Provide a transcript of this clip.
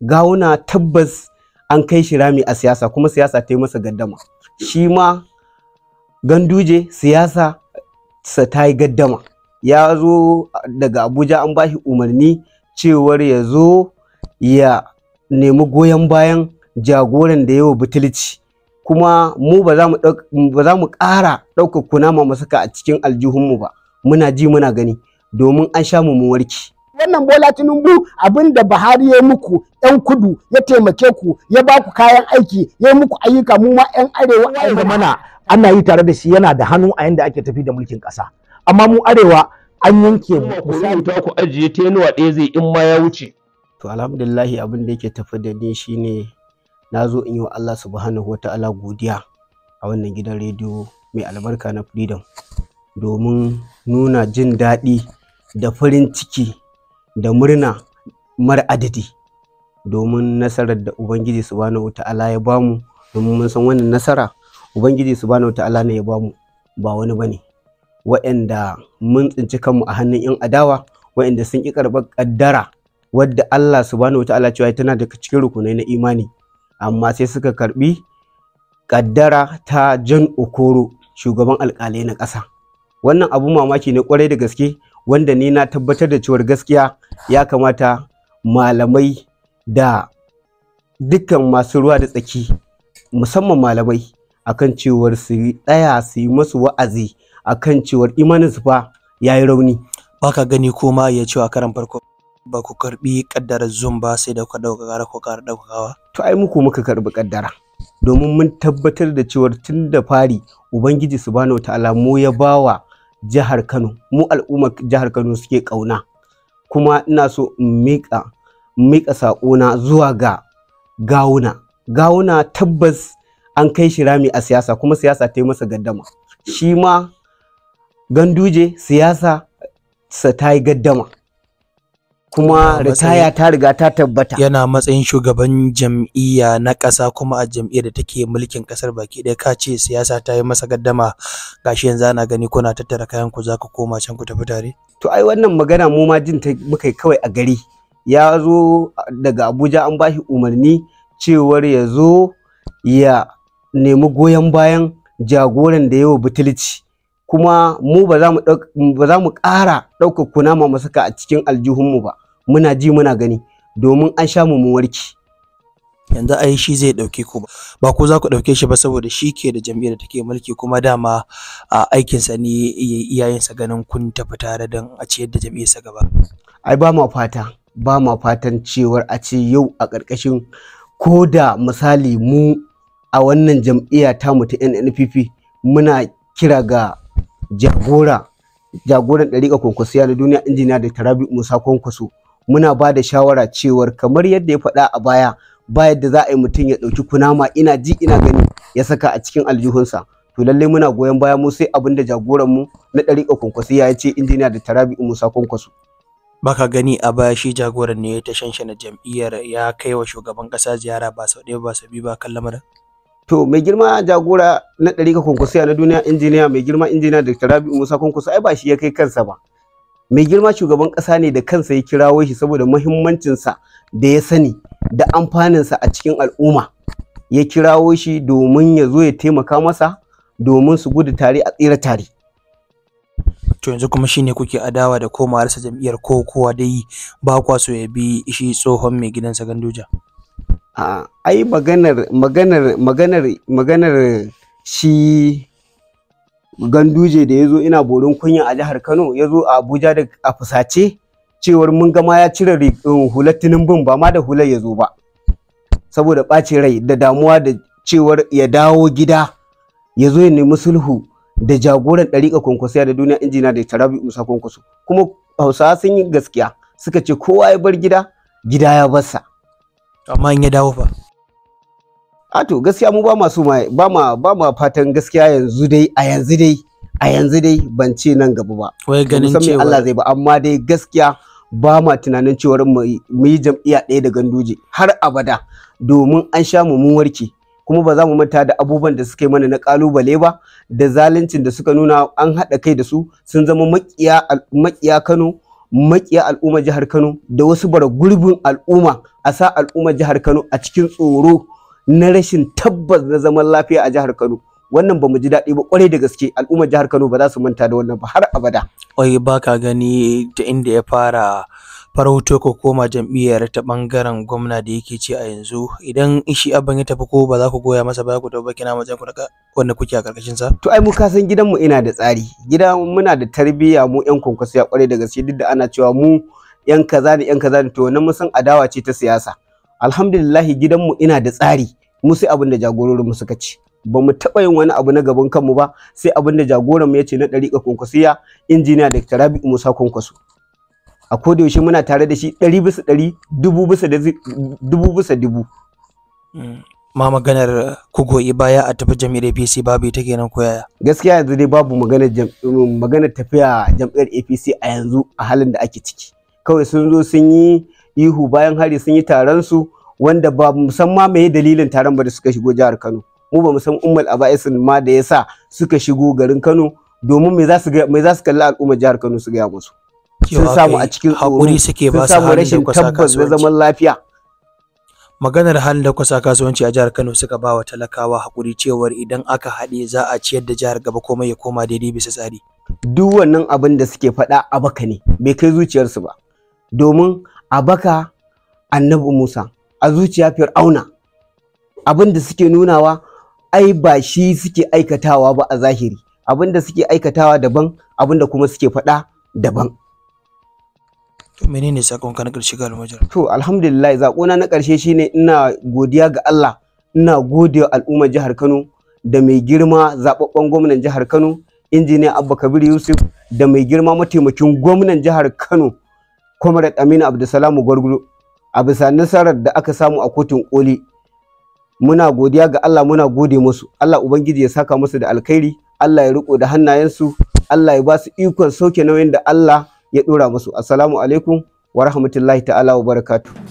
gawuna tabbas an kai shi rami a siyasa kuma siyasa ta yi masa gaddama shi ma ganduje siyasa sa ta yi gaddama ya zo daga abuja an ba shi umarni cewar ya zo ya nemi goyon bayan jagoran da yawa butulci kuma mu ba za mu ƙara ɗaukar kunama masaka a cikin aljihunmu ba muna ji muna gani domin an sha mu warki wannan Bola Tinubu abin da Buhari ya muku yan kudu ya taimake ku ya ba ku kayan aiki ya muku ayyuka mu ma yan arewa a yanzu mana ana yi tare da shi yana da hannu a yanda ake tafi da mulkin ƙasa amma mu arewa an yanke mu ku ta ku ajiye tenuwa ɗaya zai in ma ya wuce to alhamdulillah abin da yake tafi da ni shine na zo in yi wa Allah subhanahu wata'ala godiya a wannan gidan rediyo mai albarka na freedom domin nuna jin daɗi da farin ciki da murna mara adadi domin nasarar da Ubangiji subhanahu ta'ala ya bamu domin mun san wannan nasara Ubangiji subhanahu ta'ala ne ya bamu ba wani bane waɗanda mun tsinci kanmu a hannun 'yan adawa waɗanda sun ƙi karɓar ƙaddara wadda Allah subhanahu wata'ala cewa tana daga cikin rukunai na imani amma sai suka karɓi ƙaddara ta jan Okoro shugaban alƙalai na ƙasa wannan abu mamaki ne kwarai da gaske wanda ni na tabbatar da cewar gaskiya ya kamata malamai da dukkan masu ruwa da tsaki musamman malamai akan cewar su daya su yi musu wa'azi akan cewar imanin su fa yayi rauni baka gani ko ya cewa karan farko ba ku karbi kaddarar zumba sai da ku dauka gara ko kara daukawa? to ai muku muka karbi kaddara domin mun tabbatar da cewar tun da fari ubangiji subhanahu wataala mu ya bawa jihar Kano mu al'ummar jihar Kano suke kauna kuma ina so in miƙa miƙa na zuwa ga gawuna gawuna tabbas an kai shi rami a siyasa kuma siyasa ta yi masa gaddama shi ma ganduje siyasa sa ta yi gaddama kuma ritaya ta riga ta tabbata yana matsayin shugaban jam'iyya na ƙasa kuma a jam'iyyar da take mulkin ƙasar baki ɗaya ka ce siyasa ta yi masa gaddama gashi yanzu ana gani kuna tattara kayan ku za ku koma can ku tafi tare to ai wannan magana mu ma jin ta muka yi kawai a gari ya zo daga Abuja an ba shi umarni cewar ya zo ya nemi goyon bayan jagoran da yawa butulci kuma mu ba za mu ƙara ɗaukar kunama ma a cikin aljihunmu ba muna ji muna gani domin an sha mu mu warki yanzu ai shi zai ɗauke ku ba ku za ku ɗauke shi ba saboda shi ke da jam'iyyar da take mulki kuma dama a aikinsa ne iyayensa ganin kun tafi tare don a ciyar da jam'iyyarsa gaba ai ba ma fata ba ma fatan cewar a ce yau a ƙarƙashin ko da misali mu a wannan jam'iyya tamu ta NNPP muna kira ga jagora jagoran ɗariƙa kwankwasiya na duniya injina da tarabi musa kwankwaso muna ba da shawara cewar kamar yadda ya faɗa a baya ba yadda za a yi mutum ya ɗauki kunama ina ji ina gani ya saka a cikin aljihunsa to lallai muna goyon baya mu sai abin da jagoranmu na ɗariƙa kwankwasiya ya ce injina da tarabi musa kwankwaso baka gani a baya shi jagoran ne ta shanshana jam'iyyar ya kai wa shugaban ƙasa ziyara ba sau ɗaya ba sau biyu ba kan lamarin to mai girma jagora na ɗari ka kunkusiya na duniya injiniya mai girma injiniya da rabi musa kunkusa ai ba shi ya kai kansa ba mai girma shugaban ƙasa ne da kansa ya kirawo shi saboda muhimmancinsa da ya sani da amfaninsa a cikin al'umma ya kirawo shi domin ya zo ya taimaka masa domin su gudu tare a tsira tare to yanzu kuma shine kuke adawa da sa jam'iyyar ko kowa dai ba kwa so ya bi shi tsohon mai gidansa ganduja ai maganar maganar maganar maganar shi ganduje da ya zo ina borin kunya a jihar kano ya zo a abuja da a fusace cewar mun gama ya cire eh, hular bin ba ma da hular ya zo ba saboda ɓacin rai da damuwa da cewar ya dawo gida ya zo ya nemi sulhu da jagoran ɗariƙa kwankwaso da duniya injina da tarabi musa kwankwaso kuma hausawa sun yi gaskiya suka ce kowa ya bar gida gida ya barsa amma in ya dawo fa a to gaskiya mu ba masu ba ma ba ma fatan gaskiya yanzu dai a yanzu dai a yanzu dai ban ce nan gaba ba wai ganin cewa Allah zai ba amma dai gaskiya ba ma tunanin cewar mu yi jam'iyya ɗaya da ganduje har abada domin an sha mu mun warke kuma ba za mu manta da abubuwan da suka yi mana na kalubale ba da zaluncin da suka nuna an haɗa kai da su sun zama makiya makiya Kano makiya al'ummar jihar Kano da wasu bara gurbin al'umma a sa al'ummar jihar Kano a cikin tsoro na rashin tabbas na zaman lafiya a jihar Kano wannan ba mu ji daɗi ba kwarai da gaske al'ummar jihar Kano ba za su manta da wannan ba har abada. Oi ba gani ta inda ya fara farauto ko koma jam'iyyar ta bangaren gwamna da yake ce a yanzu idan shi abin ya tafi ko ba za ku goya masa ba ku tafi ba kina matsayin ku daga wanda kuke a karkashin sa to ai mu ka san gidanmu ina da tsari gidan muna da tarbiyya mu yan kwankwaso ya kware da gaske duk da ana cewa mu yan kaza ne yan kaza ne to wannan mun san adawa ce ta siyasa alhamdulillah mu ina da tsari mu sai abin da jagororin mu suka ci ba mu taɓa yin wani abu na gaban kanmu ba sai abin da jagoran mu ya ce na ɗariƙa kwankwasiya injiniya da rabi'u musa kwankwaso a koda yaushe muna tare da shi ɗari bisa ɗari dubu bisa dubu bisa dubu mm. ma maganar ku goyi baya a tafi jam'iyyar APC babu ita kenan ko yaya gaskiya yanzu dai babu maganar mm, maganar tafiya jam'iyyar APC a yanzu a halin da ake ciki kawai sun zo sun yi ihu bayan hari sun yi taron su wanda ba musamman san ma meye dalilin taron ba da suka shigo jihar Kano mu ba mu Ummul Aba'isin ma da yasa suka shigo garin Kano domin me za su me za su kalli al'ummar jihar Kano su gaya musu sun samu a cikin hakuri suke ba su hali da tabbas na zaman lafiya maganar halin da kwasa kasuwanci a jihar Kano suka ba wa talakawa hakuri cewa idan aka haɗe za a ciyar da jihar gaba komai ya koma daidai bisa tsari duk wannan abin da suke faɗa a baka ne bai kai zuciyarsu ba domin a baka annabi Musa a zuciya Fir'auna abin da suke nunawa ai ba shi suke aikatawa ba a zahiri abin da suke aikatawa daban abin da kuma suke faɗa daban To menene ka na karshe ga almajar? To alhamdulillah zakona na ƙarshe shine ina godiya ga Allah, ina godiya al'ummar jihar Kano da mai girma zababban gwamnan jihar Kano, injiniya Abba Kabir Yusuf da mai girma mataimakin gwamnan jihar Kano, Comrade Aminu Abdulsalamu Gwargwaro. A bisa nasarar da aka samu a kotun koli muna godiya ga Allah muna gode musu Allah ubangiji ya saka musu da alkhairi Allah ya riko da hannayensu Allah ya ba su ikon sauke nauyin da Allah ya ɗora musu assalamu alaikum wa rahmatullahi ta'ala wa barakatuh